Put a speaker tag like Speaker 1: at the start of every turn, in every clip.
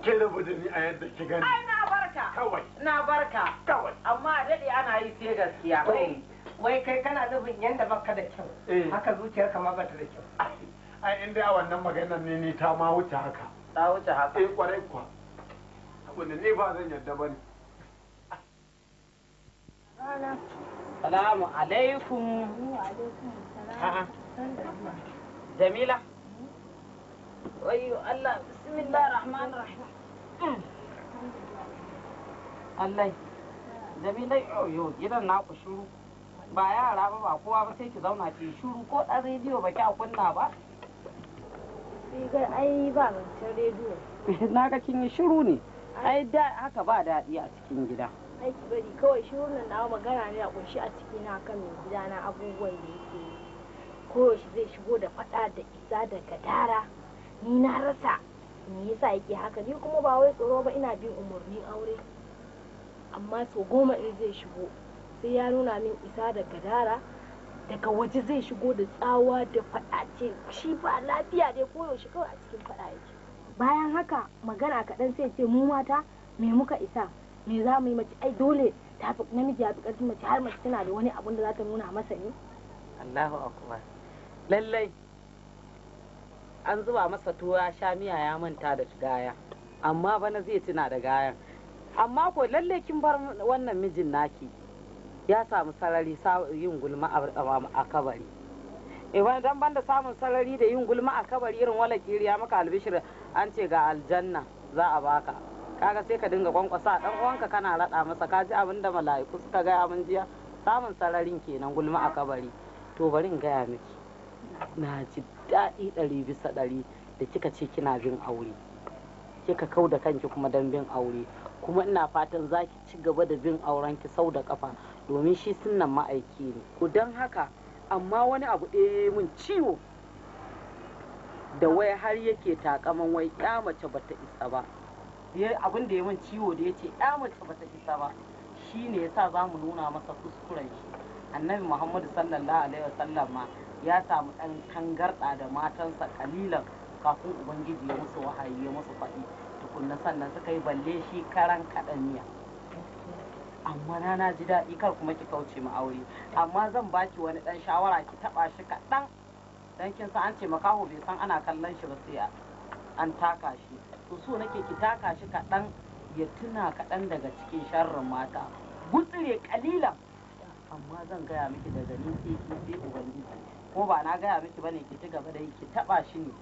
Speaker 1: ke da ni a yadda ki gani ai
Speaker 2: na barka kawai na barka kawai amma daɗe ana yi sai gaskiya oh. wai kai kana nufin yadda baka da kyau
Speaker 1: eh. haka ka ma bata da kyau ai in dai a wannan maganar ne ni ta ma wuce haka
Speaker 3: ta wuce haka eh kwarai kuwa wanda ni ba zan yarda bane Salamu alaikum. Jamila.
Speaker 4: wayo Allah
Speaker 3: bismillah rahman rahim Allah jamilai yo gidan na ku shuru ba yara ba ba kowa ba sai ki zauna ki shuru ko dan rediyo ba ki kunna ba ai ba mutum rediyo na ga kin yi shuru ne ai da haka ba daɗi a cikin gida aiki
Speaker 5: bari kawai shuru nan na magana ne a kunshi a ciki na kan mai gida na abubuwan da yake shi zai shigo da faɗa da isa da gadara ni na rasa me yasa yake haka ni kuma ba wai tsoro ba ina bin umarnin aure amma so goma in zai shigo sai ya nuna min isa da gadara daga waje zai shigo da tsawa da faɗace shi ba lafiya dai koyaushe kawai a cikin faɗa yake bayan haka magana kaɗan sai ce mu mata me muka isa me za mu yi mace ai dole fi namiji ya fi ƙarfin mace har mace tana da wani abun da za ta nuna masa ne
Speaker 3: Allahu akbar lallai an zuba masa tuwa sha miya ya manta da gaya amma bana zai tuna da gayan amma ko lalle kin bar wannan mijin naki ya samu sarari yin gulma a kabari eh, idan dan banda samun sarari da yin gulma a kabari irin wala kiriya maka albishir an ce ga aljanna za a baka kaga sai ka dinga kwankwasa dan uwanka kana rada masa ka ji abinda mala'iku suka gaya mun jiya samun sararin kenan gulma a kabari to bari in gaya miki na ji daɗi ɗari bisa ɗari da kika ce kina bin aure kika kau da kanki kuma don bin aure kuma ina fatan za ki ci gaba da bin auren ki sau da kafa domin shi sunnan ma'aiki ne ku don haka amma wani abu ɗaya mun ciwo da wai har yake takaman wai ya mace ta isa ba abin da ya mun ciwo da ya ce ya mace ta isa ba shi ne ya sa za mu nuna masa kuskuren shi annabi muhammadu sallallahu alaihi wasallam ma ya samu ɗan tangarɗa da matansa kalilan kafin ubangiji ya musu wahayi ya musu faɗi tukunna sannan suka yi balle shi karan kaɗaniya amma na na ji daɗi kar kuma ki kauce mu aure amma zan baki wani ɗan shawara ki taɓa shi kaɗan dan kin san an ce makaho bai san ana kallon shi ba sai an taka shi to so nake ki taka shi kaɗan ya tuna kaɗan daga cikin sharrin mata gutsire kalilan amma zan gaya miki daga ni sai ki sai ubangiji ko ba na gaya miki bane ki ci gaba da ki taba shi ne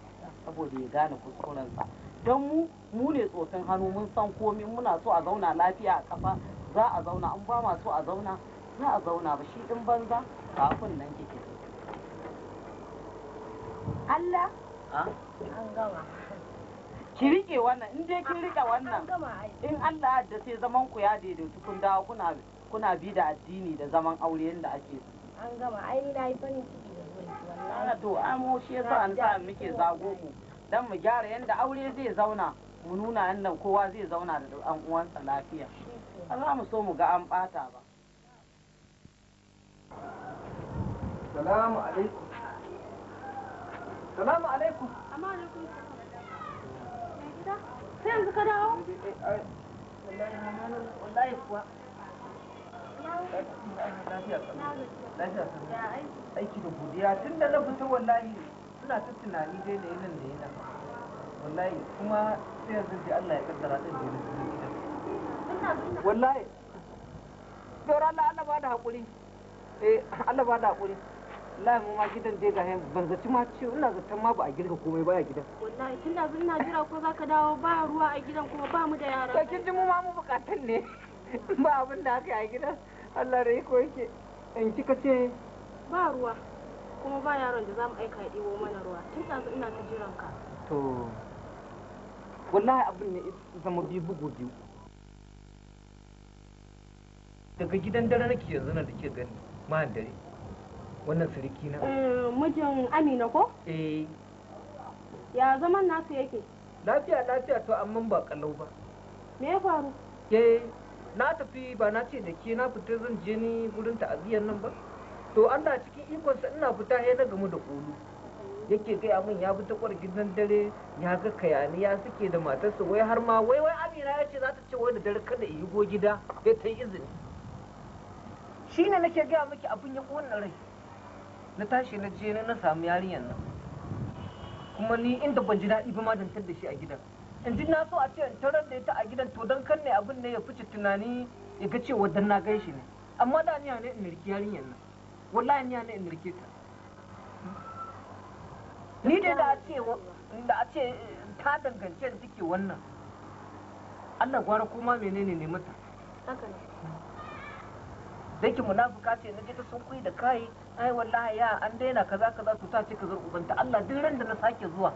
Speaker 3: saboda ya gane kuskurensa don mu mu ne tsotsin hannu mun san komi muna so a zauna lafiya a kafa za a zauna an ba ma so a zauna za a zauna ba shi din banza kafin nan kike Allah
Speaker 5: an gama
Speaker 3: ki rike wannan in dai kin rike wannan in Allah da sai zaman ku ya daidaitu kun dawo kuna kuna bi da addini da zaman aure yanda ake
Speaker 5: an gama ai na yi farin
Speaker 6: to
Speaker 3: amo shi yasa an sa muke zago mu dan mu gyara yanda aure zai zauna mu nuna yanda kowa zai zauna da ɗan uwansa lafiya ba za mu so mu ga an bata ba salamu alaikum salamu alaikum amma alaikum
Speaker 4: sai yanzu ka dawo eh, eh, wallahi kuwa aiki da godiya tun da na fita wallahi suna ta tunani dai da yinin da yinin wallahi kuma sai yanzu da Allah ya kaddara din da yinin wallahi dora Allah Allah ba da hakuri eh Allah ba da hakuri wallahi mu ma gidan dai ga ban zaci ma ce ina zaton ma ba a girka komai baya gidan wallahi tun da ina jira ko zaka dawo ba ruwa a gidan kuma ba mu da yara to kin ji mu ma mu bukatun ne ba abin da aka yi a gidan Allah da iko yake in kika ce ba ruwa kuma
Speaker 5: ba yaron da zamu aika ya mana ruwa tun ɗazu ina ta jiran ka
Speaker 4: to wallahi abin ne zama biyu bugu biyu daga gidan dare nake yanzu na da gani ma dare wannan siriki na eh, mijin amina ko eh
Speaker 5: ya zaman nasu yake
Speaker 4: lafiya lafiya to amma ba kallau ba me ya faru eh na tafi ba na ce da ke na fita zan je ni gurin ta'aziyar nan ba to an da cikin ikonsa ina fita ya na gamu da kolu yake gaya min ya bi ta kwar gidan dare ya ga kayani ya suke da matarsa wai har ma wai wai amina ya ce za ta ce wai da dare kada yi go gida ya ta yi izini shine nake gaya miki abin ya kowanne rai na tashi na je na samu yarinyar nan kuma ni inda ban ji daɗi ba ma dantar da shi a gidan in ji na so a ce in tarar da ita a gidan to don kan ne abin ne ya fice tunani ya ga cewa dan na gan shi ne amma da niya ne in rike yarinyar nan wallahi niya ne in rike ta ni dai da a ce da a ce eh, ta dangance da take wannan Allah gwara kuma menene ne mata haka ne dai munafuka ce na je ta sun kuyi da kai ai wallahi ya an daina kaza kaza to ta ce ka zar ubanta Allah duk ran da na sake zuwa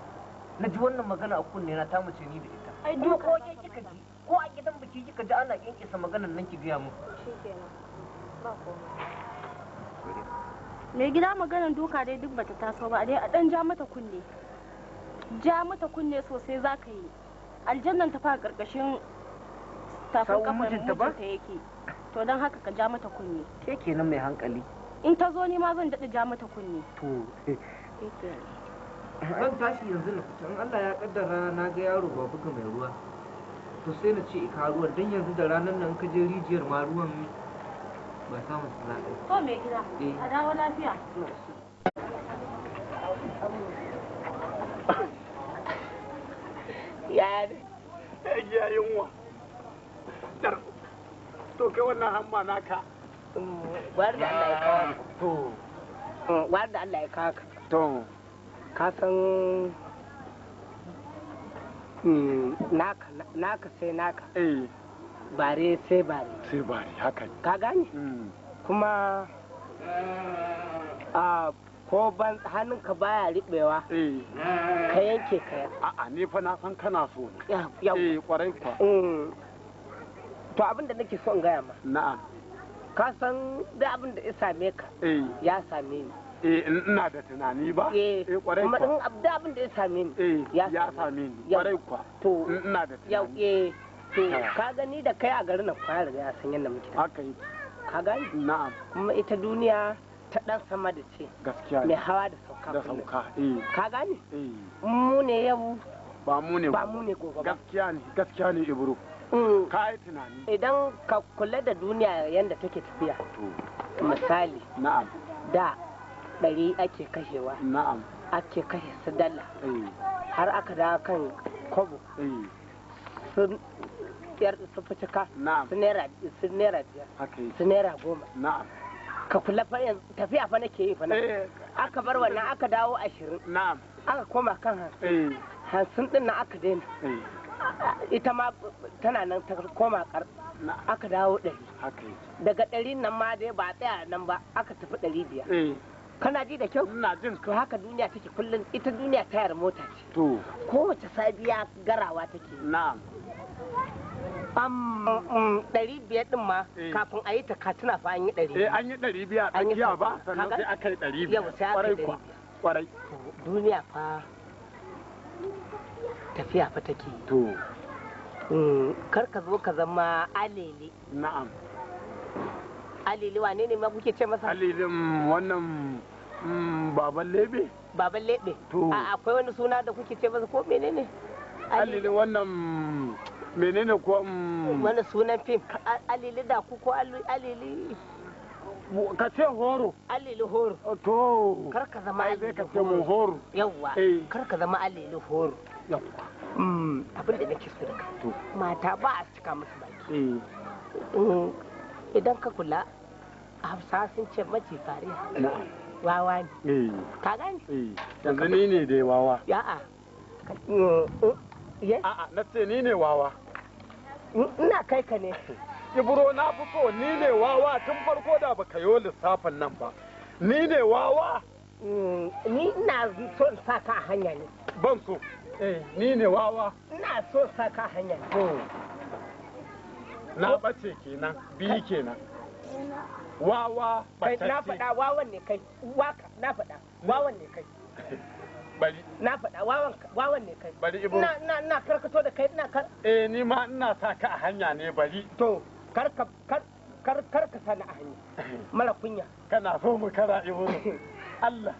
Speaker 4: na ji wannan magana a kunne na ta mace ni da ita ai duk ko ke kika ji ko a gidan biki kika ji ana kinkisa maganar nan ki gaya mu
Speaker 5: shikenan ba komai mai gida maganar duka dai duk bata taso ba dai a dan ja mata kunne ja mata kunne sosai za ka yi aljannan ta fara karkashin tafin kafar mijinta yake to don haka ka ja mata kunne ke
Speaker 4: kenan mai hankali
Speaker 5: in ta zo ni ma zan daɗa ja mata kunne
Speaker 4: to zan tashi yanzu na fita in Allah ya kaddara na ga yaro ba buga mai ruwa to sai na ce ka ruwan dan yanzu da ranar nan ka je rijiyar ma ruwan ba samun sana'a
Speaker 3: ko mai gida eh. a dawo lafiya ya
Speaker 2: ya yunwa to kai wannan hamma naka mm, wanda Allah ya kawo to mm, wanda Allah ya kawo to Kasan hmm, naka naka sai naka eh. bare sai bare sai bare haka ka gani hmm. kuma a ko ban hannunka baya ribewa
Speaker 3: eh. ka yanke ka a'a ne fa na san kana so ne eh kwarai fa,
Speaker 2: hmm. to abin da nake son gaya ma na'am ka san da abin da ya same ka eh. ya same ni
Speaker 6: eh ina da tunani ba eh, eh kwarai kwa kuma
Speaker 2: abda abin da ya same ni eh, ya same ni kwarai kwa to ina da tunani eh to ka gani da kai a garin nan kwaya riga ya san yadda muke haka yi ka gani na'am kuma ita duniya ta dan sama da ce gaskiya mai hawa da sauka da sauka eh ka gani eh. mu ne yau ba mu ne ba mu ne gobe
Speaker 1: gaskiya ne gaskiya ne ibro mm. ka yi
Speaker 2: tunani idan ka kula da duniya yadda take tafiya misali na'am da ɗari ake kashewa na'am ake kashe su dala eh. har aka da kan kobo eh. sun yar su fituka su naira su naira biyar su naira goma na'am ka kula fa yanzu tafiya fa nake yi fa na eh. aka bar wannan aka dawo ashirin na'am aka koma kan hansun hansun din nan aka daina ita ma tana nan ta koma kar aka dawo ɗari daga ɗari nan ma dai ba tsaya nan ba aka tafi ɗari biyar kana ji da kyau ina jin to haka duniya take kullum ita duniya tayar mota ce to kowace sabiya garawa take na'am am ɗari biyar ɗin ma eh. kafin a yi ta katuna fa an yi ɗari eh, biyar an
Speaker 1: yi ɗari biyar a tsakiya ba sannan sai aka yi ɗari biyar kwarai kwa
Speaker 2: kwarai duniya fa tafiya fa take to mm, kar ka zo ka zama alele na'am alele wane ne ma kuke ce masa
Speaker 1: alilin mm, wannan Mm, baban lebe
Speaker 2: baban lebe a akwai wani suna da kuke ce masa ko menene alili wannan menene ko mm, wani sunan fim alili da ku ko alili ka ce horo alili horo oh, to kar ka zama alili ka ce mu horo
Speaker 1: yawa eh.
Speaker 2: kar ka zama alili horo yawa mm, abin da nake so da ka mata ba a cika musu baki eh. idan ka kula a hafsa sun ce mace tare wawa
Speaker 3: ne eh. ka
Speaker 2: gani
Speaker 1: eh. yanzu ni ne dai wawa
Speaker 2: ya'a a,
Speaker 1: na ce ni ne wawa
Speaker 2: ina kai ka ne
Speaker 1: ibro na fi so ni ne wawa tun farko da ba ka yi lissafin nan ba ni ne wawa mm,
Speaker 2: ni ina so saka sa ka hanya ne
Speaker 1: ban so eh, ni ne wawa
Speaker 2: ina so sa ka hanya ne
Speaker 1: na bace kenan bi kenan wawa kai na faɗa
Speaker 2: wawan ne kai waka na faɗa wawan ne kai bari na faɗa wawan wawan ne kai bari ibo na na na karkato da kai ina kar eh ni ma ina sa ka a hanya ne bari to kar ka kar kar kar ka sani a hanya mara kunya kana so mu kara ibo Allah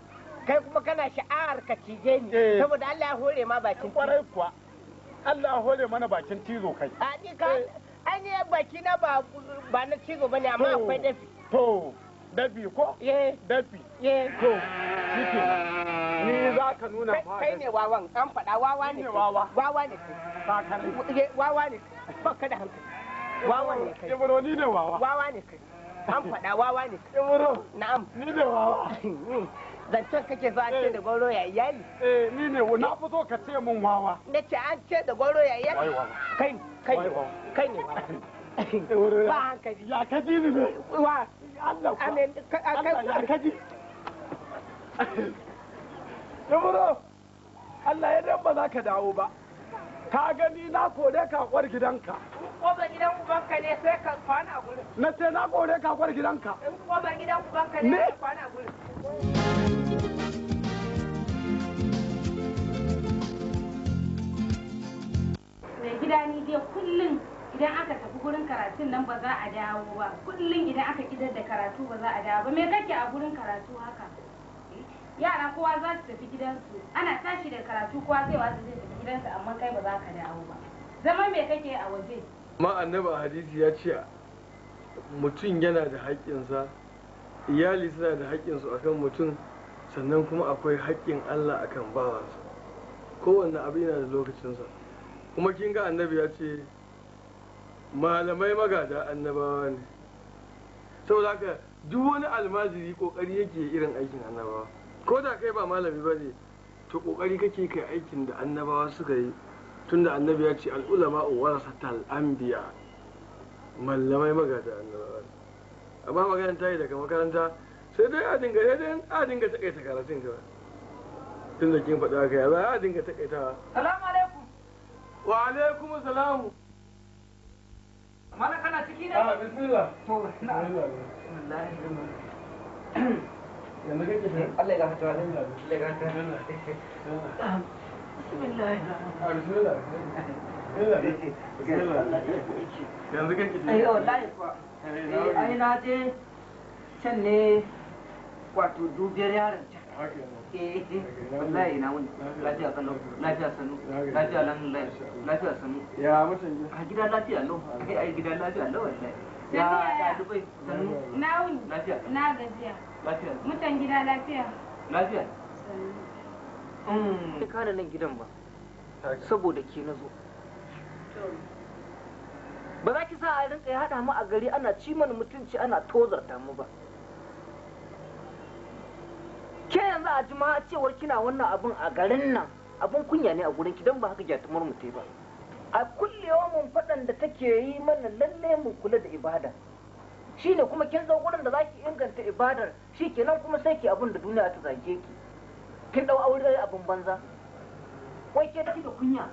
Speaker 2: kai kuma kana sha'ar ka cije ni eh. saboda Allah ya hore ma bakin kwarai kuwa Allah ya hore mana bakin tizo kai a ni ka eh. an yi baki na ba na cigo ba ne amma akwai dafi to dafi ko ye dafi ye to shike ni za ka nuna ma kai ne wawan an faɗa wawa ne ne wawa wawa ne kai wawa ne ba ka da hankali
Speaker 6: wawa ne kai ibro
Speaker 2: ni ne wawa wawa ne kai an faɗa wawa ne kai ibro na'am ni ne wawa zancen kake so an ce da goro ya iyali eh, eh ni ne na fi so ka ce mun wawa na ce an ce da goro ya iyali kai kai kai ne eh, ba hankali ya kaji ni ne wa Allah ya kaji
Speaker 1: Yaburo, Allah ya dan ba za ka dawo ba. Ka gani na kore kakwar gidanka. In
Speaker 6: koba gidan ubanka ne sai ka kwana gurin.
Speaker 1: Na ce na kore kakwar gidanka.
Speaker 6: In koba gidan ubanka ne sai ka kwana gurin. gida
Speaker 5: ni dai kullum idan aka tafi gurin karatun nan ba za a dawo ba kullum idan aka kidar da karatu ba za a dawo ba me kake a gurin karatu haka yara kowa za su tafi gidansu ana tashi da karatu kowa sai wasu zai tafi gidansu amma kai ba za ka dawo ba zaman me kake a waje
Speaker 1: ma annaba hadisi ya ce mutum yana da haƙƙinsa iyali suna da haƙƙinsu akan mutum sannan kuma akwai haƙƙin Allah akan bawansa kowanne abu yana da lokacinsa kuma kin ga annabi ya ce malamai magada annabawa ne saboda haka duk wani almajiri kokari yake irin aikin annabawa ko da kai ba malami ba ne to kokari kake kai aikin da annabawa suka yi tunda annabi ya ce al'ulama warasatal anbiya mallamai magada annabawa amma maganar ta yi daga makaranta sai dai a dinga sai dai a dinga takaita karatun ka tunda kin faɗa kai ya za a dinga takaita salamu wa alaikum salam mana kana ciki ne ah, bismillah to bismillah
Speaker 4: yanzu kake Allah ya gafarta Allah ya gafarta bismillah bismillah yanzu
Speaker 1: kake ai
Speaker 6: ah, eh, ai
Speaker 4: na je can ne wato dubiyar yaron ta lafiya sanu ya a gida lafiya lau lafiya ya lafiya lafiya mutan
Speaker 5: gida lafiya
Speaker 4: lafiya sanu hmm. nan gidan ba saboda ke na zo ba za ki sa a rinka ya haɗa mu a gari ana ci ciman mutunci ana tozarta mu ba
Speaker 6: ke yanzu a ji ma
Speaker 4: cewar kina wannan abun a garin nan abun kunya ne a gurin ki ba haka gyatumar mu ba a kullewa mun faɗan da take yi mana lalle mu kula da ibada shine kuma kin zo gurin da zaki inganta ibadar shikenan kuma sai ki abun da duniya ta zage ki kin dau aure abin banza wai ke da kunya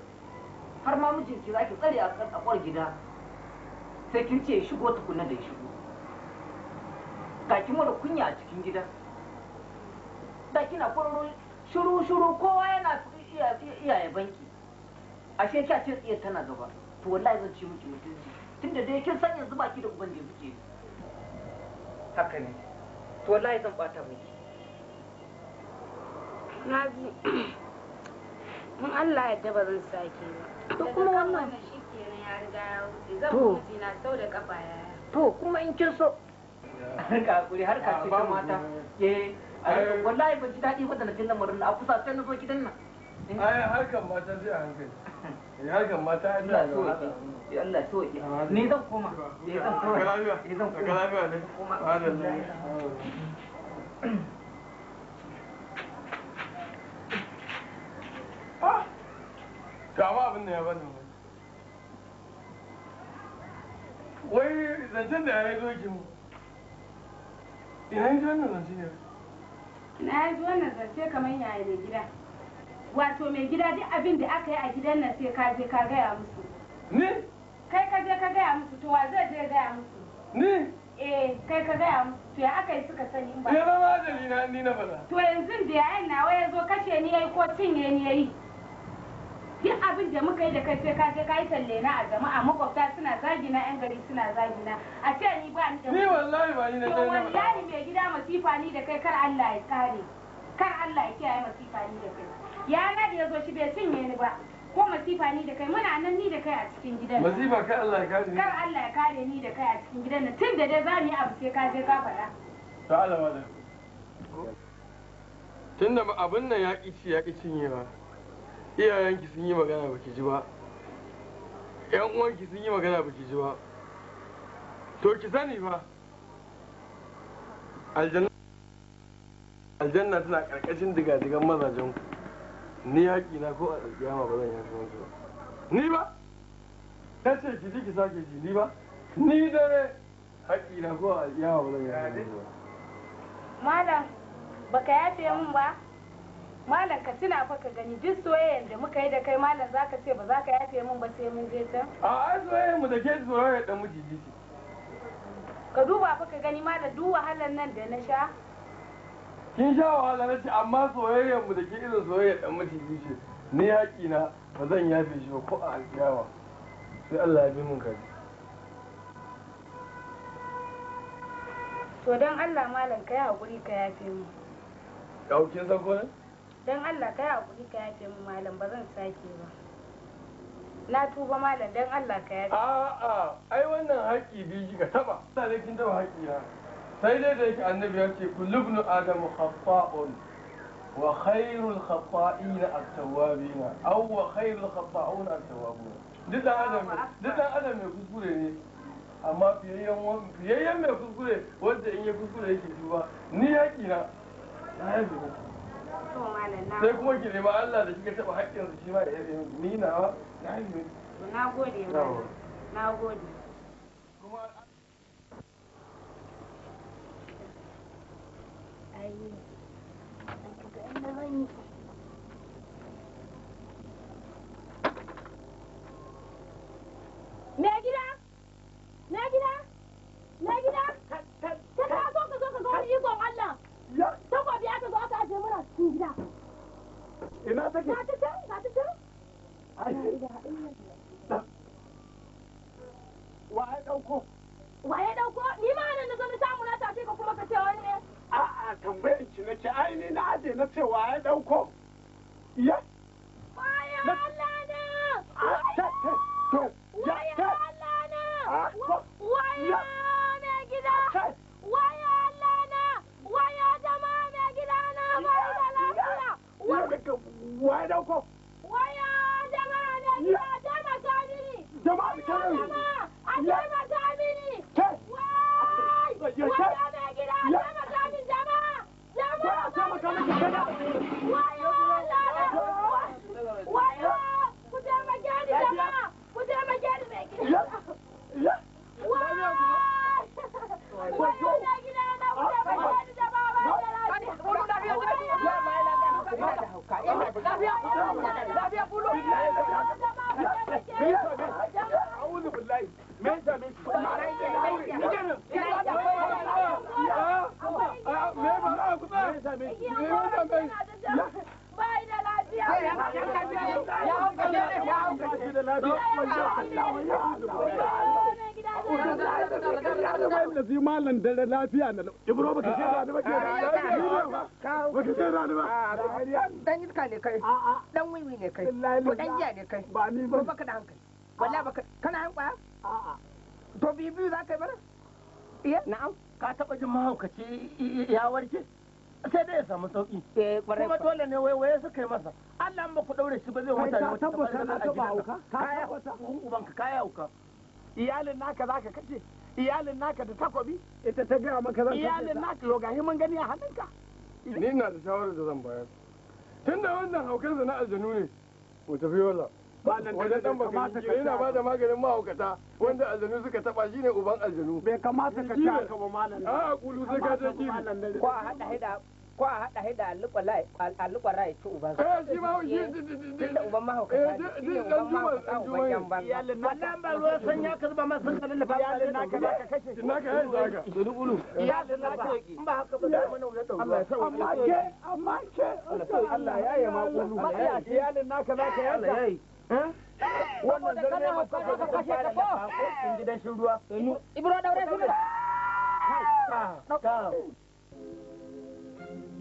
Speaker 4: har ma mijinki zaki tsare a kan akwar gida sai kin ce shigo tukunna da shigo ga kin mara kunya a cikin gida da kina kururu shuru shuru kowa yana iyaye banki ashe kya ce tsiyar tana gaba to wallahi zan ci miki mutunci tunda dai kin san yanzu baki da uban da yake haka ne to wallahi zan bata miki
Speaker 5: na ji mun Allah ya daba zan sake ba to kuma wannan kenan ya riga ya wuce zan mutu na sau da kafa ya
Speaker 4: to kuma in kin so har ka hakuri har ka mata eh Eh, wallahi ban ji daɗi ba da na tunan marin a kusa sai na zo gidan nan eh, ai harkan mata zai hankali eh, harkan mata an da Allah so ki ni zan koma ni zan koma ka lafiya ni zan koma ka lafiya ne koma ah
Speaker 1: ga abin da ya bani wai zancen da ya yi doki mu ina yi zancen nan zance ne
Speaker 5: na ya ji wannan zance kamar yaya mai gida wato mai gida duk abin da aka yi a gidan nan sai ka je ka gaya musu ni kai ka je ka gaya musu to wa zai je gaya musu ni eh kai ka gaya musu to ya aka yi suka sani ba ya zama
Speaker 1: ajali na ni na bala
Speaker 5: to yanzu da yayan nawa ya zo kashe ni yayi ko cinye ni yayi duk abin da muka yi da kai sai ka je ka yi talle na a jama'a makwabta suna zagi na yan gari suna zagi na a ce ni ba ni da ni wallahi ba ni da kai wallahi mai gida masifa ni da kai kar Allah ya kare kar Allah ya kiyaye masifa ni da kai ya na da yazo shi bai cinye ni ba ko masifa ni da kai muna nan ni da kai a cikin gidan masifa
Speaker 1: kar Allah ya kare ni kar
Speaker 5: Allah ya kare ni da kai a cikin gidan nan tun da dai za mu yi abu sai ka je ka faɗa
Speaker 1: ta'ala malam tunda abin nan ya ƙi ci ya ƙi cinyewa iyayenki sun yi magana ba ki ji ba yan uwanki sun yi magana ba ki ji ba to ki sani ba aljanna tana karkashin digadigan mazajen ku ni yaƙi na ko a alƙiyama ba zan yaƙi wanki ba ni ba ta ce ki ji ki sake ji ni ba ni dare haƙi na ko a alƙiyama ba zan yaƙi wanki ba
Speaker 5: malam baka yafe min ba malam ka tuna fa ka gani duk soyayyen da muka yi da kai malam zaka ce ba za ka yafe min ba sai mun je can a soyayyar
Speaker 1: mu da ke soyayyen da miji ce
Speaker 5: ka duba fa ka gani malam duk wahalar nan da na sha
Speaker 1: kin sha wahala na ce amma soyayyar mu da ke irin soyayyen da miji ce ni haƙi na ba zan yafe shi ba ko a alƙiyawa sai Allah ya bi mun kaji
Speaker 5: to don Allah malam ka yi haƙuri ka yafe mu
Speaker 1: Yau kin san ko ne?
Speaker 5: don allah ka yi hakuri ka yafe mu malam ba zan sake ba na tuba malam don allah ka yafe
Speaker 1: a'a ai wannan haƙƙi biyu kika taba sai kin taba haƙƙi na sai dai da yake annabi ya ce ibn adamu khata'un wa khairul khata'ina at-tawwabina aw wa khairul khata'una at-tawwabuna duk dan adam duk dan adam mai kuskure ne amma fiyayyen fiyayyen mai kuskure wanda in ya kuskure yake duba ni haƙi na na yafe sai kuma ki nemi Allah da kika taba haƙƙin su shi ma ya yi nina wa na haihu
Speaker 5: na gode ma na gode kuma
Speaker 2: ai
Speaker 4: an kaga
Speaker 6: an
Speaker 2: wa ya dauko ya ya
Speaker 6: Why don't go? Why are the man? Yeah, the man. gida man. The man. I ta got any. Why? Why are they getting out? Why
Speaker 1: lafiya na lau ibro baka ce rani ba ke ba ce rani ba
Speaker 2: dan iska ne kai dan wiwi ne kai ko dan ne kai ba ni ba da hankali kana kwaya a'a to za ka yi mana iya na'am ka taba jin mahaukaci ya warke sai dai ya samu sauki eh, kuma dole ne waye suka masa Allah ba ku daure shi ba zai wata wata tabbata na taba hauka kaya ubanka kaya hauka iyalin naka zaka kace iyalin naka da takobi ita
Speaker 1: ta gaya maka zan iyalin naka
Speaker 2: yau gahi mun gani a hannunka
Speaker 1: ni na da shawarar da zan bayar tun da wannan haukar na aljanu ne mu tafi wala wajen dan baka yana ba da maganin mahaukata wanda aljanu suka taba shine uban aljanu bai kamata ka taka ba
Speaker 2: malam a kulu sai ka ta ko a hada hada ko a haɗa haida alluƙwa
Speaker 4: rai ci uban sa. Eh, shi ma shi da uban mahaukata eh, shi ne uban uban
Speaker 2: yan Wannan ba ya naka ka kashe. Naka
Speaker 6: ko. gidan
Speaker 2: shi